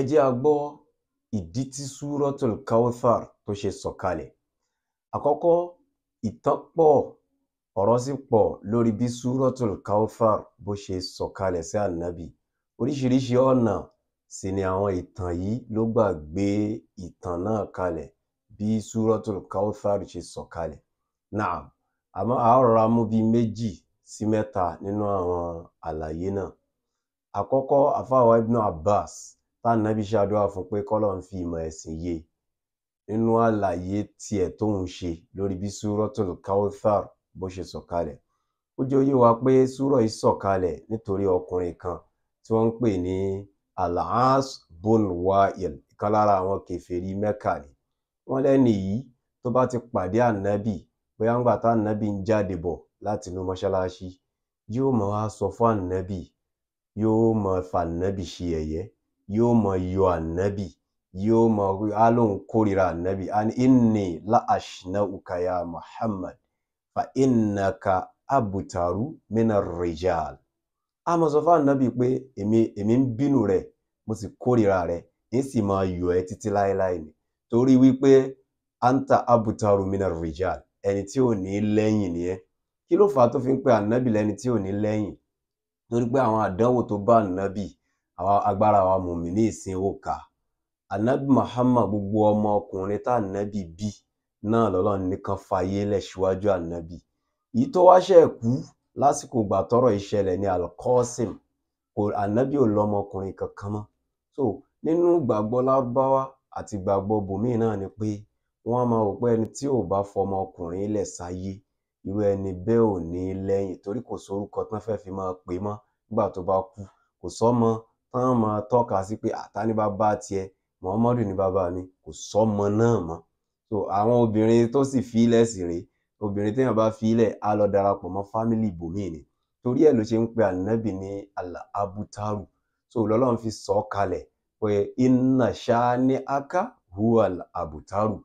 ẹ jẹ́ a gbọ́ ìdí tí súrọ́tul Kawthar tó ṣe sọ̀kalẹ̀ àkọ́kọ́ ìtàn pọ̀ ọ̀rọ̀ sì pọ̀ lórí bí súrọ́tul Kawthar bó ṣe sọ̀kalẹ̀ sí ànábì oríṣiríṣi ọ̀nà sì ni àwọn ìtàn yìí ló gbà gbé ìtàn náà kalẹ̀ bí súrọ́tul Kawthar ṣe sọ̀kalẹ̀ náà àmọ́ a rọra mú bíi méjì sí mẹ́ta nínú àwọn àlàyé náà àkọ́kọ́ àfáwà Ibn Abbas tánàbí ṣàdúrà fún pé kọ́lọ̀ ń fi ìmọ̀ ẹ̀sìn yé e nínú àlàyé tiẹ̀ tóun ṣe lórí bí súrọ́tòlù Kawthar bó ṣe sọ̀kalẹ̀ ó jẹ́ òye wa pé súrọ̀ yìí sọ̀kalẹ̀ nítorí ọkùnrin kan tí wọ́n ń pè ní Al-As kan lára àwọn kèfèrí Mẹ́kà ni wọ́n lẹ́ni yìí tó bá ti pàdé ànábì bóyá ńgbà tá ànábì ń jáde bọ̀ láti inú mọ́ṣáláṣí yóò máa sọ fún ànábì yóò máa fa ṣe ẹ̀yẹ́ yóò mọ yọ ànábì yóò mọ á lóun kórìíra ànábì á ní inni la ashna ukaya muhammad fa innaka abutaru mina rijal a mọ sọ fún ànábì pé èmi èmi ń bínú rẹ mo sì kórìíra rẹ èyí sì máa yọ ẹ títí láéláé ni torí wípé anta abutaru mina rijal ẹni tí ò ní lẹ́yìn ni ẹ kí ló fà á tó fi ń pe ànábì lẹni tí ò ní lẹ́yìn torí pé àwọn àdánwò tó bá ànábì agbára wa mùmí ní ìsìn òkà anabi muhammad gbogbo ọmọ ọkùnrin tá anabi bí náà lọ́lọ́run nìkan fàyè lẹ̀ síwájú anabi yìí tó wá ṣe kú lásìkò ìgbà tọ́rọ̀ ìṣẹ̀lẹ̀ ní alkosim kò anabi ò lọ́mọkùnrin kankan mọ́ so nínú gbàgbọ́ lárúbáwá àti gbàgbọ́ bòmíì náà ni pé wọ́n máa wò pé ẹni tí ò bá fọmọ ọkùnrin lẹ̀ sáyé irú ẹni bẹ́ẹ̀ ò ní lẹ́yìn torí kò sórúkọ tí fẹ́ fi máa pè mọ́ nígbà tó bá kú kò sọ́mọ tán máa tọ́ka sí pé àtá ní bàbá tiẹ̀ Muhammadu ní bàbá mi kò sọ́mọ náà mọ́ so àwọn obìnrin tó sì fi ilẹ̀ sì rèé obìnrin téèyàn bá fi ilẹ̀ á lọ darapọ̀ mọ́ fámìlì ibòmíì ni torí ẹ̀ ló ṣe ń pe ànábì ní al-abutaru so lọ́lọ́run fi sọ ọ́ kalẹ̀ pé inna ṣáání aka hu al-abutaru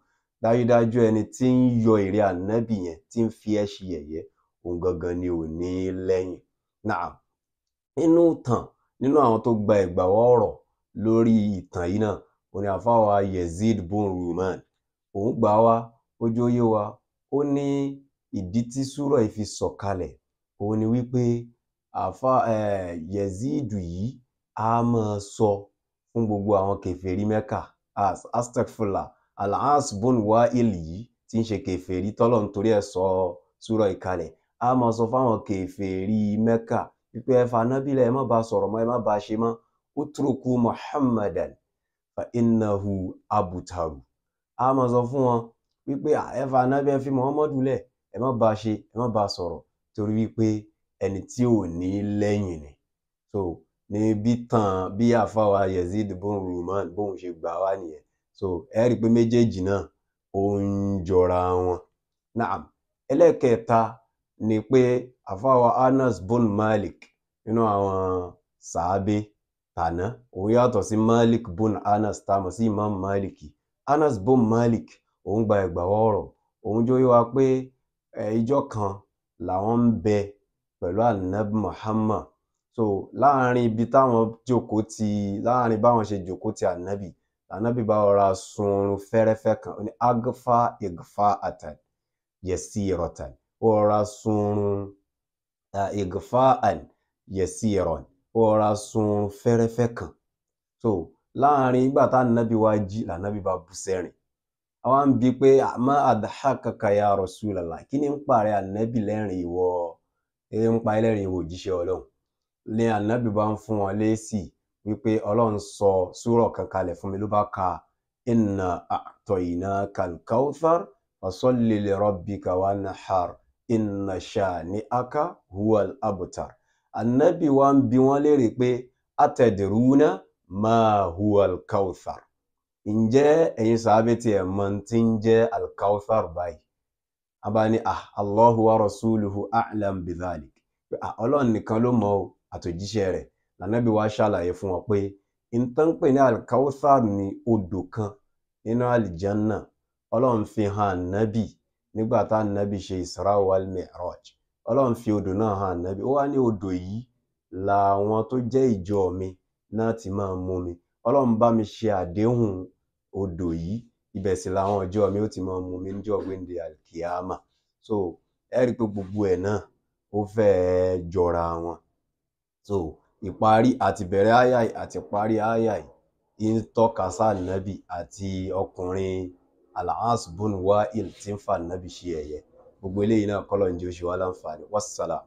dájúdájú ẹni tí ń yọ èrè ànábì yẹn tí ń fi ẹṣin yẹ̀yẹ́ òun gangan ni ò ní lẹ́yìn náà inú tàn nínú àwọn tó gba ẹ̀gbàwọ́ ọ̀rọ̀ lórí ìtàn yìí náà ó ní àfáwa Yazid bun Ruman òun gbà wá ó jó wa ó ní ìdí tí súrọ̀ yìí fi sọ̀kalẹ̀ òun ni wípé àfa Yazid yìí a máa sọ fún gbogbo àwọn kèfèrí Mẹ́kà as astagfula alhas bun Wa'il yìí tí ń ṣe kèfèrí tọ́lọ̀ nítorí ẹ̀ sọ súrọ̀ ìkalẹ̀ a máa sọ fáwọn kèfèrí Mẹ́kà wípé ẹ fànábì lẹ ẹ ba sọ̀rọ̀ ma, ba ma. utruku muhammadan fa innahu abutaru a fún wọn wípé fi muhammadu lẹ ẹ ba ṣe ẹ ba sọ̀rọ̀ torí wípé ẹni tí ò ní ni so ní bí tàn bí àfáwa Yazid bóun Ruman bóun ṣe gbà wá nìyẹn so ẹ rí i pé méjèèjì náà jọra wọn naam ẹlẹ́kẹ̀ẹ́ta ni pé àfáwà Anas bun Malik nínú àwọn sàábé tàná òun yàtọ̀ sí Malik bun Anas tamọ̀ sí Imam Malik Anas bun Malik òun gba ẹ̀gbà ọ̀rọ̀ òun jó yé wa pé ìjọ kan làwọn ń bẹ pẹ̀lú anabi Muhammad so láàrin ibi táwọn jókòó ti láàrin báwọn ṣe jókòó ti anabi anabi bá ọra sun oorun fẹ́rẹ́fẹ́ kan ó ní agfa igfa atan yẹsi ìrọ̀tàn ọ̀rá sunrun igfa'an yasiran ọ̀rá sunrun fẹ́rẹ́fẹ́ kan so láàrin ìgbà tá ànábì wá jí lànábì bá bú sẹ́rìn àwa ń bi pé àmọ́ adhakaka ya Rasulallah kí ni ń pàrẹ́ ànábì lẹ́rìn ìwọ ẹ̀ ń pa ẹlẹ́rìn ìwọ òjíṣẹ́ ọlọ́run ní ànábì bá ń fún wọn lésì wípé ọlọ́run sọ súrọ̀ kan kalẹ̀ fún mi ló bá ka inna a'toyna kalkawthar fasolli li rabbika wanhar inna shani'aka huwal abtar anabi wa ń bi wọ́n léèrè pé atẹ̀dẹ̀rúnà máa huwal kawthar ǹjẹ́ ẹ̀yin sàábẹ́ tiẹ̀ mọ̀ tí ń jẹ́ alkawthar báyìí abani ah allahu wa rasuluhu a'lam bidhalik pé ah ọlọ́run nìkan ló mọ̀ o àtòjíṣẹ́ rẹ̀ lànàbí wa ṣàlàyé fún wọn pé nǹkan pè ní alkawthar ni odò kan nínú àlìjánná ọlọ́run fi hàn nábì nígbà tá ànábì ṣe Isra wal Mi'raj ọlọ́run fi odò náà hàn ànábì ó wá ní odò yìí làwọn tó jẹ́ ìjọ mi náà ti máa mú mi ọlọ́run bá mi ṣe àdéhùn odò yìí ibẹ̀ sì làwọn ìjọ mi ó ti máa mú mi níjọ́ gbéǹde alkiyama so ẹ rí i pé gbogbo ẹ̀ náà ó fẹ́ẹ́ jọra wọn so ìparí àti bẹ̀rẹ̀ àyà àti parí àyà yìí ń tọ́ka sáà nábì àti ọkùnrin al-As bun Wa'il tí ń fa nàbì ṣe ẹ̀yẹ gbogbo eléyìí náà kọ́lọ̀ ń jẹ́ oṣù wa láǹfààní wassalam.